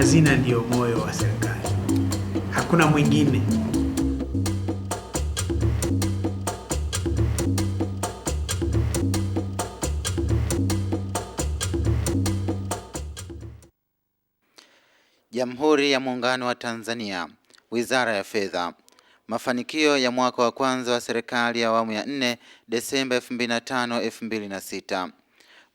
Hazina ndiyo moyo wa serikali, hakuna mwingine. Jamhuri ya Muungano wa Tanzania. Wizara ya Fedha. Mafanikio ya mwaka wa kwanza wa serikali ya awamu ya nne, Desemba 2005 2006.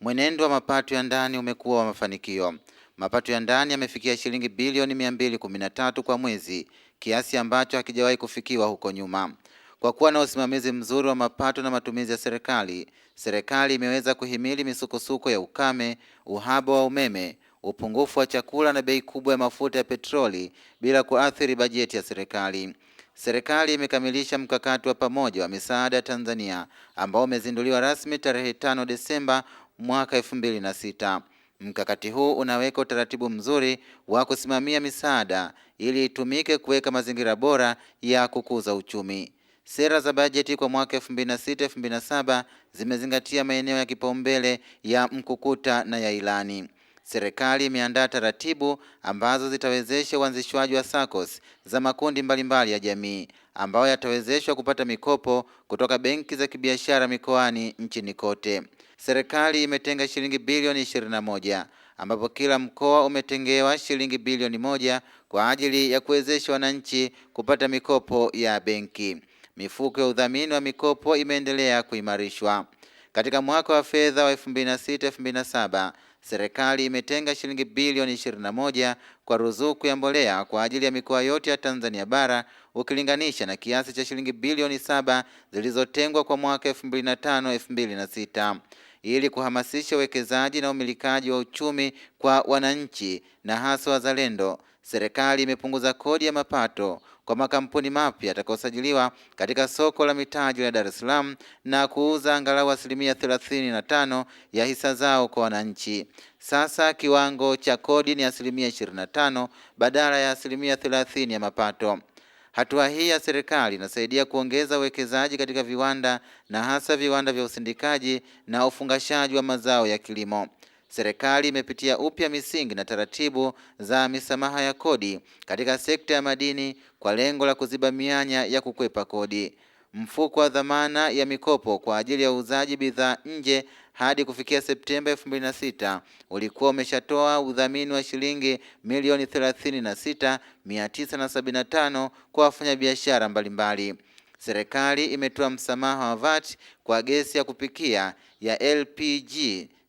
Mwenendo wa mapato ya ndani umekuwa wa mafanikio. Mapato ya ndani yamefikia shilingi bilioni 213 kwa mwezi, kiasi ambacho hakijawahi kufikiwa huko nyuma. Kwa kuwa na usimamizi mzuri wa mapato na matumizi ya serikali, serikali imeweza kuhimili misukosuko ya ukame, uhaba wa umeme, upungufu wa chakula na bei kubwa ya mafuta ya petroli bila kuathiri bajeti ya serikali. Serikali imekamilisha mkakati wa pamoja wa misaada Tanzania ambao umezinduliwa rasmi tarehe 5 Desemba mwaka 2006. Mkakati huu unaweka utaratibu mzuri wa kusimamia misaada ili itumike kuweka mazingira bora ya kukuza uchumi. Sera za bajeti kwa mwaka 2006-2007 zimezingatia maeneo ya kipaumbele ya mkukuta na ya ilani. Serikali imeandaa taratibu ambazo zitawezesha uanzishwaji wa SACCOS za makundi mbalimbali mbali ya jamii ambayo yatawezeshwa kupata mikopo kutoka benki za kibiashara mikoani nchini kote serikali imetenga shilingi bilioni moja ambapo kila mkoa umetengewa shilingi bilioni moja kwa ajili ya kuwezesha wananchi kupata mikopo ya benki. Mifuko ya udhamini wa mikopo imeendelea kuimarishwa. Katika mwaka wa fedha wa 2006/2007 serikali imetenga shilingi bilioni 21 kwa ruzuku ya mbolea kwa ajili ya mikoa yote ya Tanzania bara ukilinganisha na kiasi cha shilingi bilioni saba zilizotengwa kwa mwaka na tano na sita ili kuhamasisha uwekezaji na umilikaji wa uchumi kwa wananchi na hasa wazalendo. Serikali imepunguza kodi ya mapato kwa makampuni mapya yatakayosajiliwa katika soko la mitaji la Dar es Salaam na kuuza angalau asilimia thelathini na tano ya hisa zao kwa wananchi. Sasa kiwango cha kodi ni asilimia ishirini na tano badala ya asilimia thelathini ya mapato. Hatua hii ya serikali inasaidia kuongeza uwekezaji katika viwanda na hasa viwanda vya usindikaji na ufungashaji wa mazao ya kilimo. Serikali imepitia upya misingi na taratibu za misamaha ya kodi katika sekta ya madini kwa lengo la kuziba mianya ya kukwepa kodi. Mfuko wa dhamana ya mikopo kwa ajili ya uuzaji bidhaa nje hadi kufikia Septemba 2006 ulikuwa umeshatoa udhamini wa shilingi milioni 36,975 kwa wafanyabiashara mbalimbali. Serikali imetoa msamaha wa VAT kwa gesi ya kupikia ya LPG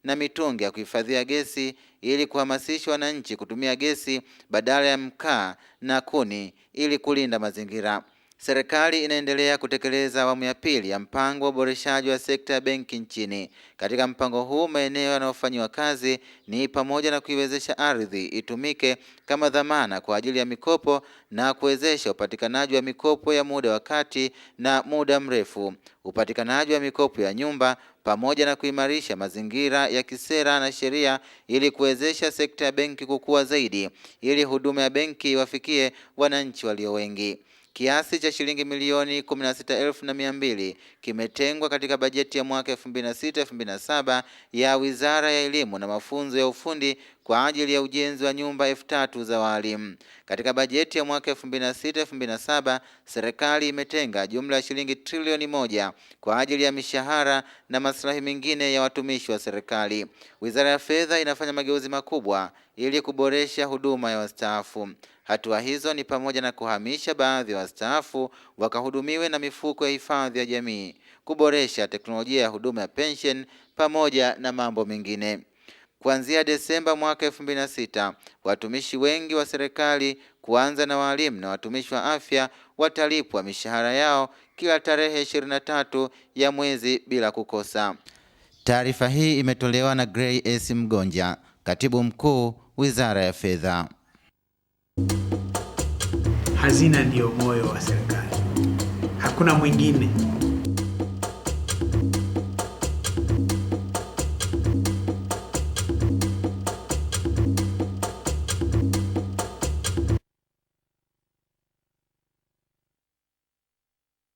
na mitungi ya kuhifadhia gesi ili kuhamasisha wananchi kutumia gesi badala ya mkaa na kuni ili kulinda mazingira. Serikali inaendelea kutekeleza awamu ya pili ya mpango wa uboreshaji wa sekta ya benki nchini. Katika mpango huu, maeneo yanayofanyiwa kazi ni pamoja na kuiwezesha ardhi itumike kama dhamana kwa ajili ya mikopo na kuwezesha upatikanaji wa mikopo ya muda wa kati na muda mrefu, upatikanaji wa mikopo ya nyumba pamoja na kuimarisha mazingira ya kisera na sheria ili kuwezesha sekta ya benki kukua zaidi ili huduma ya benki iwafikie wananchi walio wengi. Kiasi cha shilingi milioni kumi na sita elfu na mia mbili kimetengwa katika bajeti ya mwaka elfu mbili na sita elfu mbili na saba ya Wizara ya Elimu na Mafunzo ya Ufundi kwa ajili ya ujenzi wa nyumba elfu tatu za walimu. Katika bajeti ya mwaka 2006-2007 serikali imetenga jumla ya shilingi trilioni moja kwa ajili ya mishahara na maslahi mengine ya watumishi wa serikali. Wizara ya Fedha inafanya mageuzi makubwa ili kuboresha huduma ya wastaafu. Hatua hizo ni pamoja na kuhamisha baadhi ya wastaafu wakahudumiwe na mifuko ya hifadhi ya jamii, kuboresha teknolojia ya huduma ya pensheni pamoja na mambo mengine. Kuanzia Desemba mwaka sita watumishi wengi wa serikali kuanza na walimu na watumishi wa afya watalipwa mishahara yao kila tarehe tatu ya mwezi bila kukosa. Taarifa hii imetolewa na Grey S Mgonja, Katibu Mkuu, Wizara ya Fedha. Hazina ndiyo moyo wa serikali, hakuna mwingine.